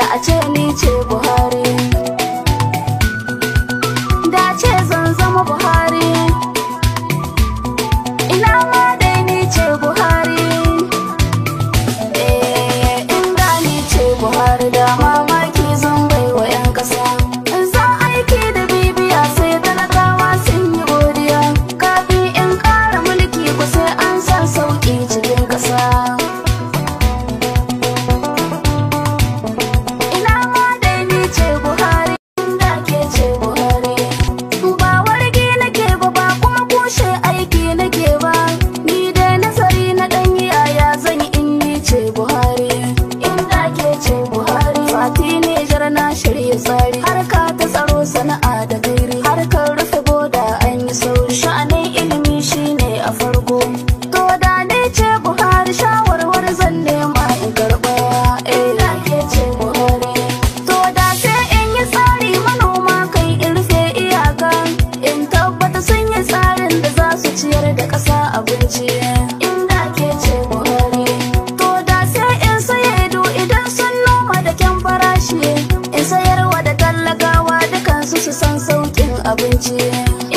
da a ce ni ce buhari da a ce zan zama buhari ina ma dai ni ce buhari eh inda ni ce buhari da na shirya tsari harka ta tsaro sana'a 看不见。